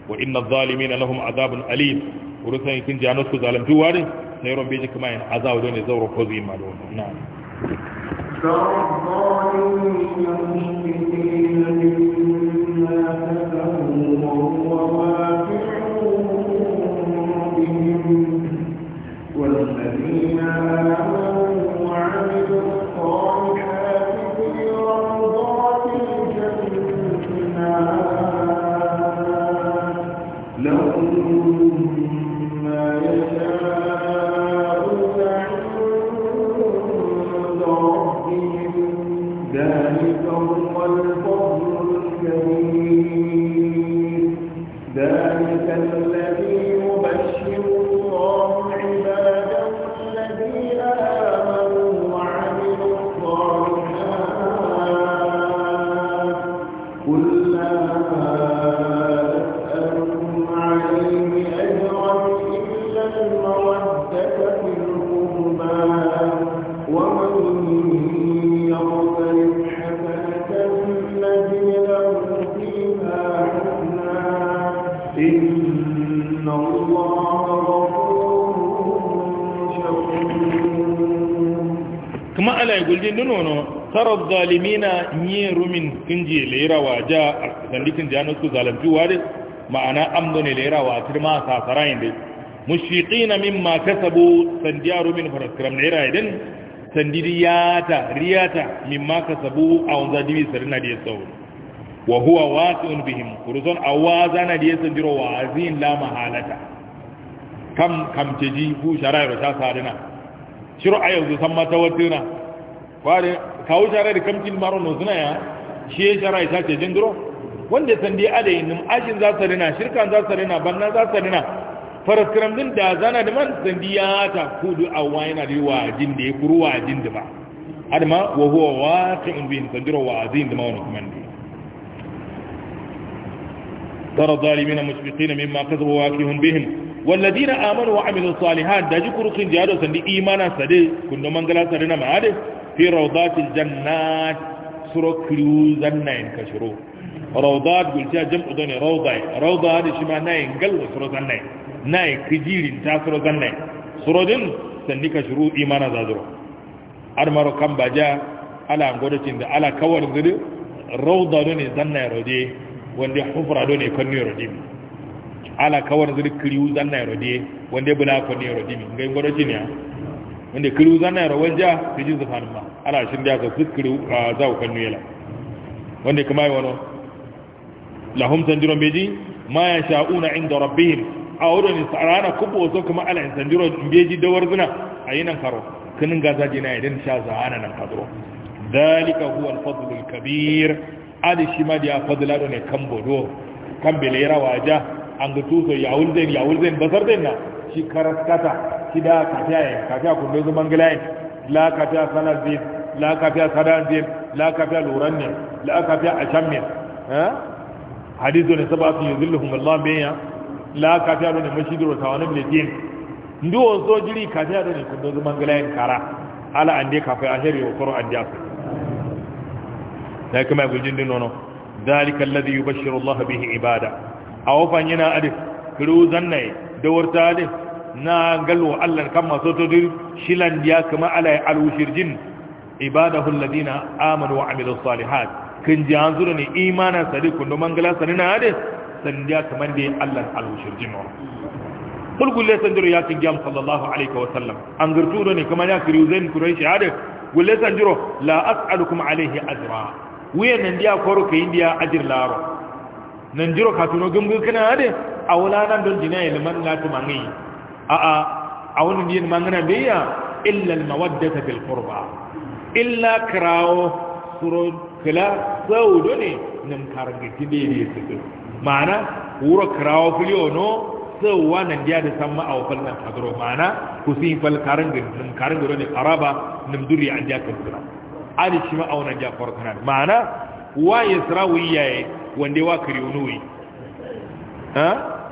wa inna adh-dhalimina lahum adhabun alim urusan kin ku zalamtu wari sai rabbi ji kuma yana azawo da ne zauro ko zuyi malo kuma ala gulje nuno no sarar zalimina yi rumin kinje lerawa ja a sandikin jana su zalamci ware ma'ana amdo ne wa a ma a sasarayin dai mushiƙi na min ma kasabu sandiya rumin faraskiram lera idan sandidiyata riyata min ma kasabu a wanzajimi sarina da ya sauri wa huwa wasi'un bihim kurzon awazana da yasa jiro wa azin la mahalata kam kam teji bu sharai ro ta sadina shiro ayo zu san mata watina kware kawo sharai da kamtin maro no zuna ya shi sharai ta ce jindro wanda san dai adai nim ajin za ta rina shirkan za ta rina banna za ta rina faraskiram din da zana da man san ya ta kudu awaina da wajin da ya kuruwa jin da ba adama wa huwa wasi'un bihim sanjiro wa azin da ma wannan kuma ne ترى الظالمين مشفقين مما كسبوا واكهم بهم والذين آمنوا وعملوا الصالحات داجي كركين جادو سندي إيمانا سدي كنو منغلا سدينا معادي في روضات الجنات سورة كليوزا نين كشرو روضات قلت يا جمع دوني روضة روضة هذه شما نين قل سورة نين نين كجيل انتا سورة نين سورة دين سندي كشرو إيمانا زادرو أرمارو كم باجا على أنقودة على كوار زدي روضة دوني زنين روضي wanda hufra do ya konni rodimi ala kawar zuri kriu zanna rodie wanda bula konni rodimi ngai ngoro jinya wanda kriu zanna ro su ji zafan ma ala shi da ka zikru za ku konni yala wanda kuma yi wano lahum sanjiro meji ma yasha'una inda rabbihim a wurin sarana kubo so kuma ala sanjiro meji dawar zina ayinan karo kinin gaza jina idan sha za'ana nan kadro ذلك هو الفضل الكبير adi da ya fadlado ne kambodo kambele yarawaja anga tuso yawulden bazar basarden na shi karaskata shi da kafiya yin kafiya kundo zuman mangalai la kafiya sanar zin la kafiya sadar zin la kafiya luran ne la kafiya a shan min hadisu ne sabatu yuzilluhum allah biya la kafiya ne mashigar wata wani bilajin so jiri kafiya ne kundo zuman mangalai kara ala ande kafiya ahiri wa qur'an an da kuma gul jindin nono zalika alladhi yubashshiru Allah bihi ibada aw fan yana ade kiru zanne da warta ade na galwa Allah kan maso to dir shilan ya kuma ala alwushirjin ibadahu alladhina amanu wa amilus salihat kin ji an zuru ne imanan sadiqun do mangala sanina ade sandiya kamar da Allah alwushirjin nono kulgulle sanjiro ya kin jam sallallahu alaihi wa sallam an gurtu ne kamar ya kiru zain kurai shahada gulle sanjiro la as'alukum Alayhi ajra wiye nan dia koro ka india ajir laro nan jiro ka tuno gumgu kana ade awla nan don dina ilman la to mangi a a awun ni mangana biya illa al mawaddata bil qurba illa krawo suro kala saudo ne nan karga tibe ne su mana wuro krawo filio no sauwa nan dia da samma aw fal nan hadro mana kusin fal karanga nan karanga ne araba nan duri an dia kan ali shi ma auna jafar kanan ma'ana wa yasrawi yaye wande wa kiriyonoyi ha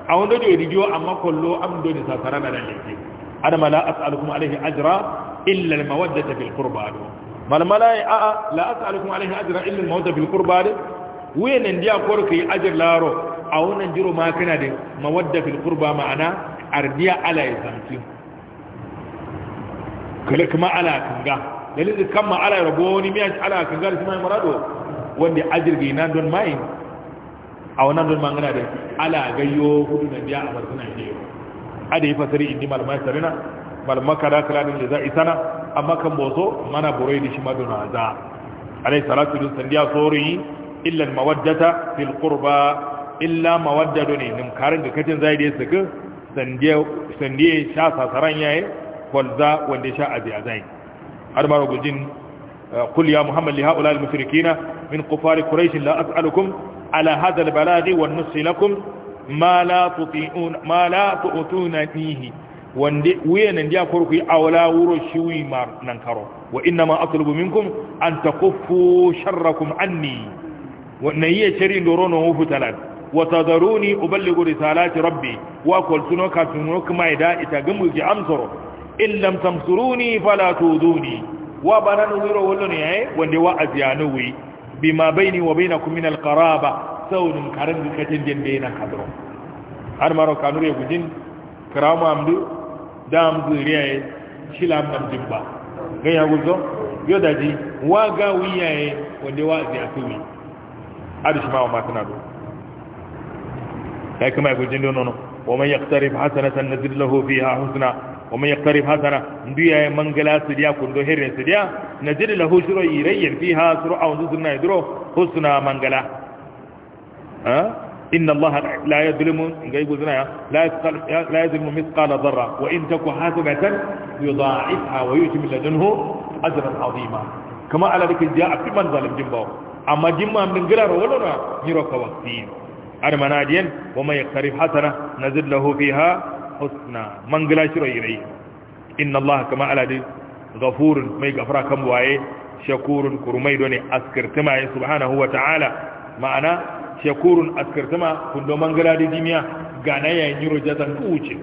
a wanda da rijiyo amma kollo am do ni sasara na nan adama ana mala as'alukum alaihi ajra illa al mawaddata fil qurba mal malai a la as'alukum alaihi ajra illa al mawaddata fil qurba wayan ndiya korka yi ajr laro a wannan jiro ma kana da mawadda fil qurba ma'ana ardiya ala yazamti kala kuma ala kanga lizi kan ma ala goni ni mi ala kan gar sima marado wanda ajirge ina don mai a wannan don mangana da ala gayyo hudu na biya a barzuna ne a ada yi fasari inni malamai sarina malamaka kada kaladin da za'i isana. amma kan boso mana burai da shi maduna za alai salatu dun sandiya sori illa mawaddata fil qurba illa mawaddatu ne nim karin da kacin zai da saka sandiya sandiya sha sasaran yayi kwalza wanda sha abiya zai har ma ragujin kul ya muhammad li haula al-mushrikina min kufar quraish la as'alukum ala hadha al-baladi wan nusi lakum ma la tuti'un ma la tu'tuna fihi wande wuyanan dia korku awla wuro shiwi mar nan karo wa inna ma atlubu minkum an takuffu sharrakum anni wa nayi shari ndorono hufu talat wa tadaruni uballighu risalati rabbi wa qul sunuka sunuka ma ida ita gamu ji amsoro in lam tamsuruni fala tuduni wa banan wiro wollon yayi eh? wande wa azyanuwi bima baini wa bainakum min alqaraba saunun karan dikatin jende na kadro har maro kanure gudin karamu amdu dam zuriyaye eh? shilam nam jibba gaya gudo yodaji wa ga wiyae eh? wande wa azyanuwi arishma wa matanado kai kuma gudin dono ومن يقترف حسنة نزل له فيها حسنة ومن يقترب حسنة ندوية منغلا سديا كندو هيرن سديا نجد له شروع يرين فيها سرعة وزوزنا يدرو حسنة منغلا أه؟ إن الله لا يظلم لا يظلم مثقال ذرة وإن تك حاسبه يضاعفها ويؤتي من لدنه أجرا عظيما كما على ذلك جاء في من ظلم جنبه أما جنبه من غير ولنا يروك وقتين أنا مناديا ومن يقترب حسنة نزد له فيها husna man gila shiro rai. inna Allah kama aladi ghafurun mai gafara kan waye shakurun kurmai done askirtima ya subhanahu wa ta'ala ma'ana shakurun askirtima kun do man gila da jimiya gana ya yiro jatan kuce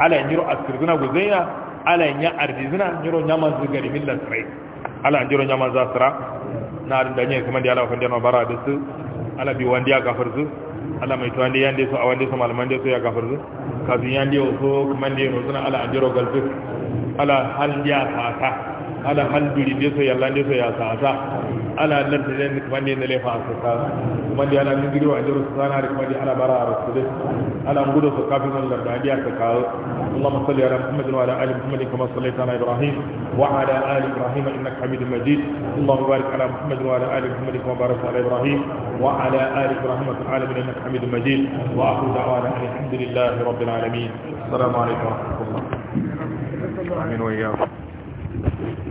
ala yiro askirtina guzaiya ala nya ardizina yiro nyama zigari millan sarai ala yiro nyama zasra na da ne kuma ala Allah kan da bara da su ala bi wanda gafar su ala mai to andi yande so awande so mal mande so ya zu kazu yande o so kumande no suna ala anjiro galbe ala hal ya fata ala halduri de so yalla de so ya sa sa ala lante den ko ne le fa so ka wande ala ni diro ala rusana ri wande ala bara rusul ala ngudo so kafir non lan dadi ala muhammad wa ala ali muhammad kama sallaita ala ibrahim wa ala ali ibrahim innaka hamid majid allah ala muhammad wa ala ali muhammad kama ala ibrahim ala ali ibrahim wa ala ali innaka hamid majid wa aqul da'wana alhamdulillah rabbil alamin assalamu alaikum wa rahmatullah amin